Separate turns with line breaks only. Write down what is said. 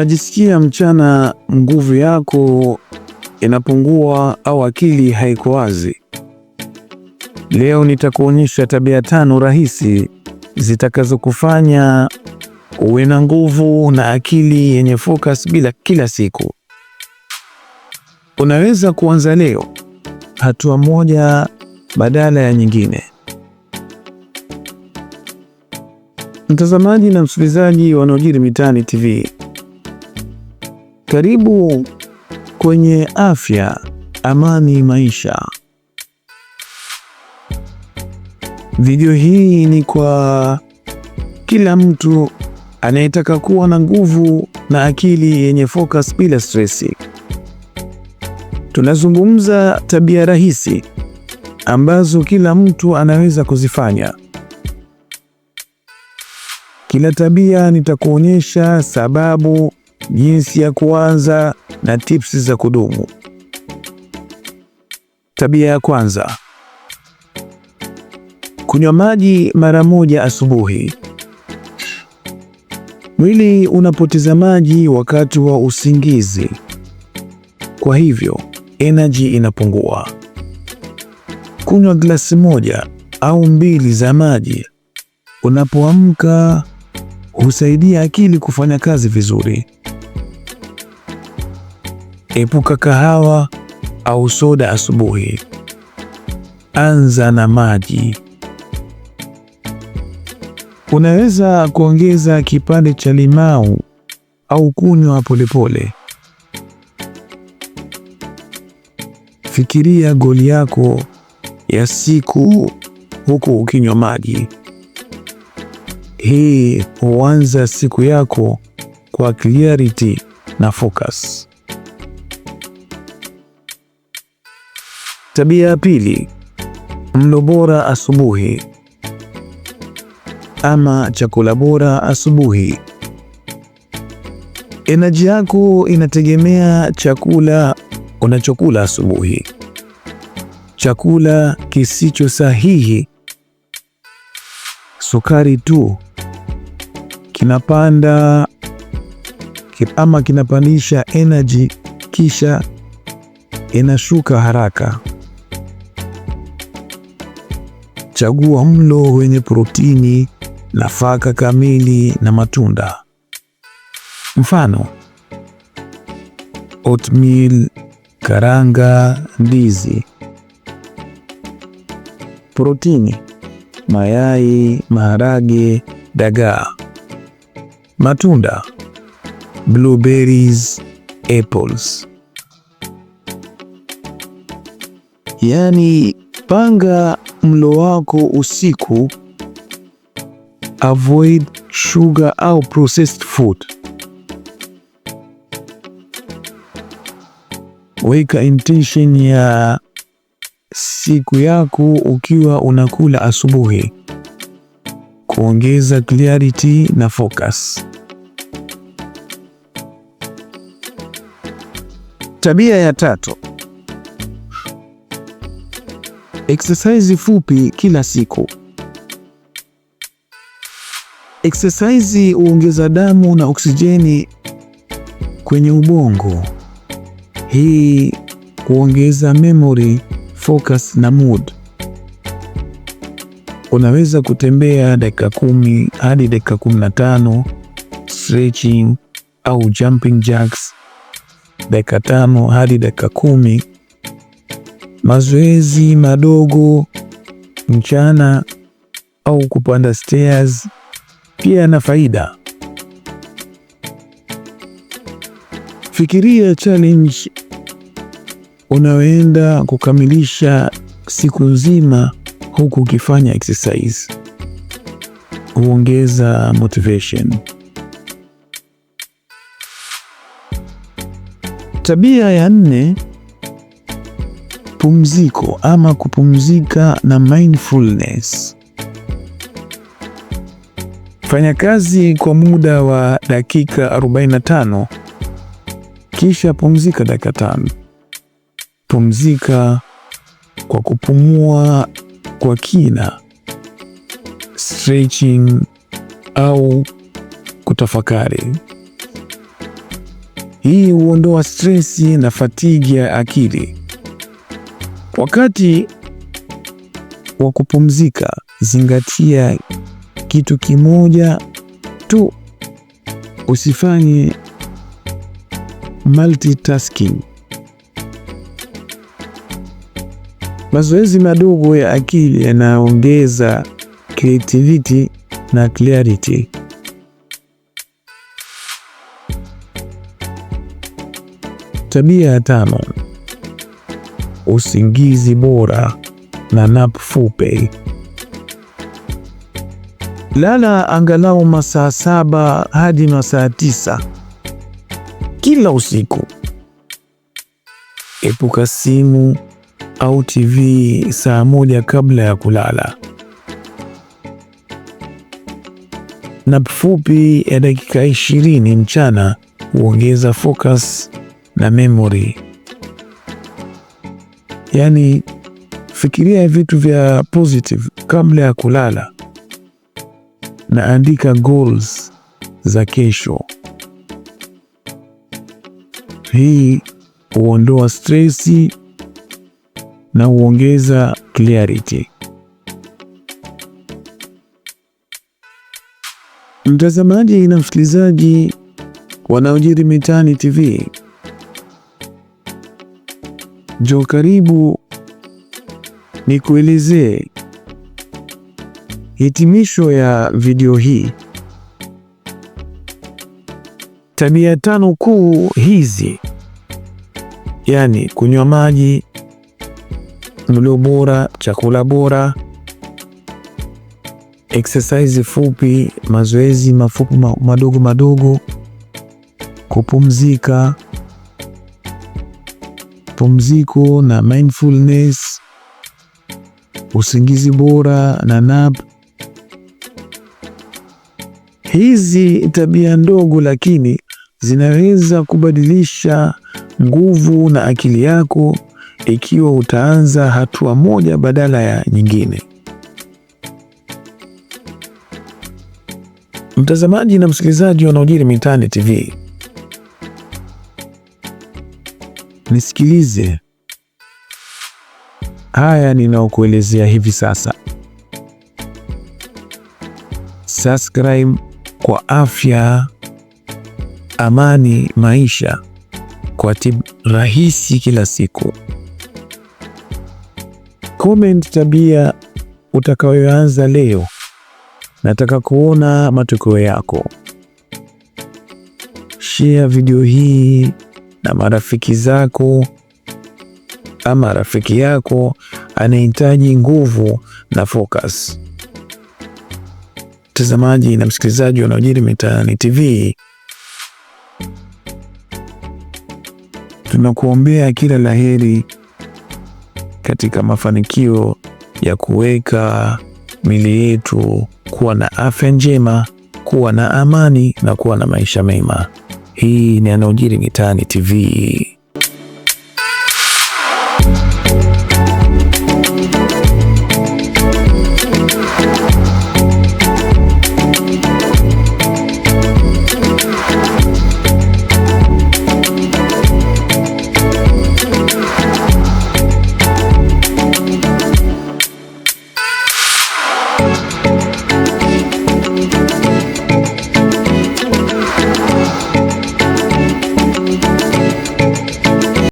Unajisikia mchana nguvu yako inapungua au akili haiko wazi? Leo nitakuonyesha tabia tano rahisi zitakazokufanya uwe na nguvu na akili yenye focus bila kila siku. Unaweza kuanza leo hatua moja badala ya nyingine. Mtazamaji na msikilizaji yanayojiri mitaani TV. Karibu kwenye Afya Amani Maisha. Video hii ni kwa kila mtu anayetaka kuwa na nguvu na akili yenye focus bila stress. Tunazungumza tabia rahisi ambazo kila mtu anaweza kuzifanya. Kila tabia nitakuonyesha sababu jinsi ya kuanza na tips za kudumu. Tabia ya kwanza, kunywa maji mara moja asubuhi. Mwili unapoteza maji wakati wa usingizi, kwa hivyo energy inapungua. Kunywa glasi moja au mbili za maji unapoamka husaidia akili kufanya kazi vizuri. Epuka kahawa au soda asubuhi. Anza na maji. Unaweza kuongeza kipande cha limau au kunywa polepole. Fikiria goli yako ya siku huku ukinywa maji. Hii huanza siku yako kwa clarity na focus. Tabia ya pili, mlo bora asubuhi ama chakula bora asubuhi. Enaji yako inategemea chakula unachokula asubuhi. Chakula kisicho sahihi, sukari tu, kinapanda ama kinapandisha enerji kisha inashuka haraka. Chagua mlo wenye protini, nafaka kamili na matunda. Mfano: oatmeal, karanga, ndizi. Protini: mayai, maharage, dagaa. Matunda: blueberries, apples. Yaani, panga mlo wako usiku, avoid sugar au processed food. Weka intention ya siku yako ukiwa unakula asubuhi, kuongeza clarity na focus. Tabia ya tatu Exercise fupi kila siku. Exercise huongeza damu na oksijeni kwenye ubongo. Hii huongeza memory, focus na mood. Unaweza kutembea dakika kumi hadi dakika 15, stretching au jumping jacks dakika tano hadi dakika kumi mazoezi madogo mchana au kupanda stairs pia yana faida. Fikiria challenge unaoenda kukamilisha siku nzima huku ukifanya exercise, huongeza motivation. Tabia ya nne pumziko ama kupumzika na mindfulness. Fanya kazi kwa muda wa dakika 45 kisha pumzika dakika tano. Pumzika kwa kupumua kwa kina, stretching au kutafakari. Hii huondoa stresi na fatigi ya akili. Wakati wa kupumzika, zingatia kitu kimoja tu, usifanye multitasking. Mazoezi madogo ya akili yanaongeza creativity na clarity. Tabia ya tano: usingizi bora na nap fupi. Lala angalau masaa saba hadi masaa tisa kila usiku. Epuka simu au TV saa moja kabla ya kulala. Nap fupi ya dakika 20 mchana huongeza focus na memory yani fikiria vitu vya positive kabla ya kulala, na andika goals za kesho. Hii huondoa stresi na huongeza clarity. Mtazamaji na msikilizaji wanaojiri yanayojiri mitaani TV, Jo, karibu nikuelezee hitimisho ya video hii. Tabia tano kuu hizi, yaani kunywa maji, mlo bora, chakula bora, exercise fupi, mazoezi mafupi madogo madogo, kupumzika mapumziko na mindfulness, usingizi bora na nap. Hizi tabia ndogo lakini zinaweza kubadilisha nguvu na akili yako ikiwa utaanza hatua moja badala ya nyingine. Mtazamaji na msikilizaji wa yanayojiri mitaani TV, nisikilize haya ninaokuelezea hivi sasa. Subscribe kwa afya, amani, maisha kwa tiba rahisi kila siku. Comment tabia utakayoanza leo, nataka kuona matokeo yako. Share video hii na marafiki zako ama rafiki yako anahitaji nguvu na focus. Mtazamaji na msikilizaji yanayojiri mitaani TV, tunakuombea kila laheri katika mafanikio ya kuweka mili yetu kuwa na afya njema, kuwa na amani na kuwa na maisha mema. Hii ni yanayojiri mitaani TV.